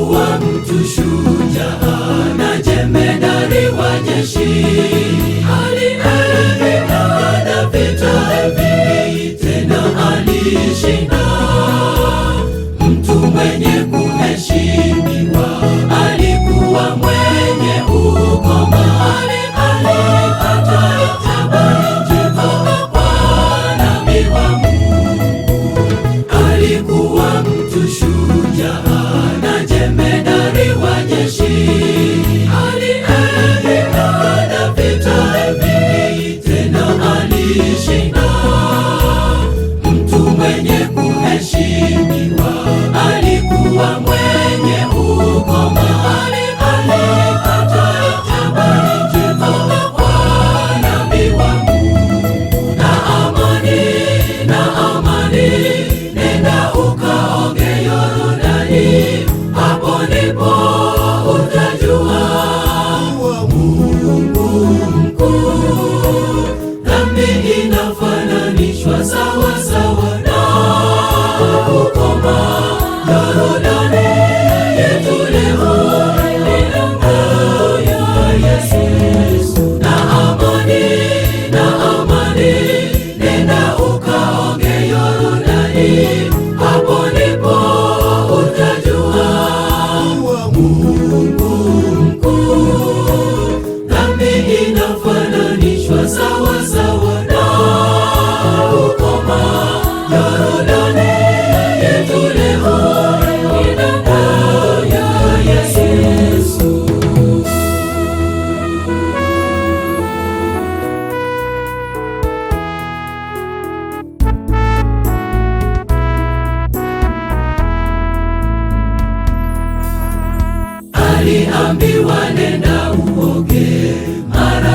kuwa mtu shujaa na jemedari wa jeshi, alipigana na tena Mtu mwenye kuheshimiwa, alikuwa mwenye ukoma, alipata kwa mtu shujaa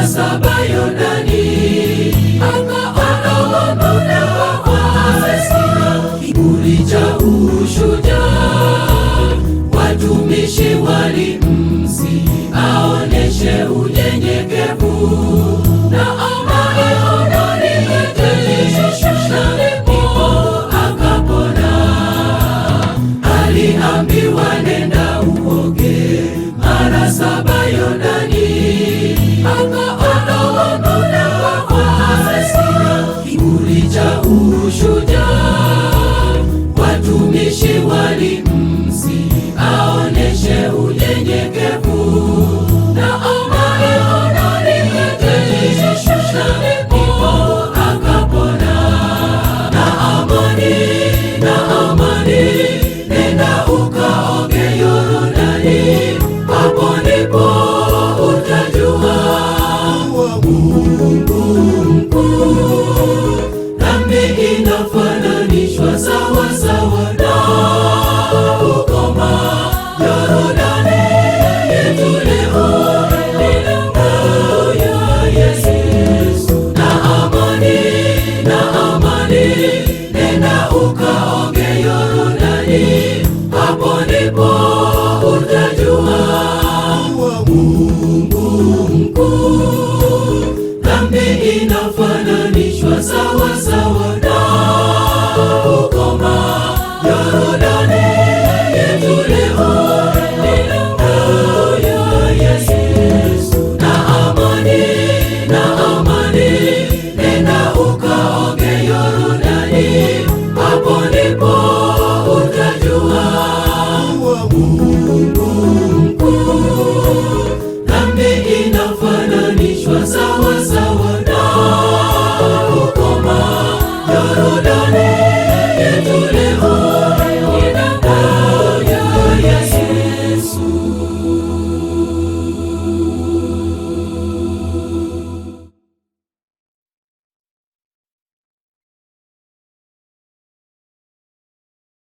saba Yordani, akaona ubuda wa kiburi cha ushujaa, watumishi wali ukaoge Yordani, hapo ndipo utajua Mungu mkuu, dhambi inafanya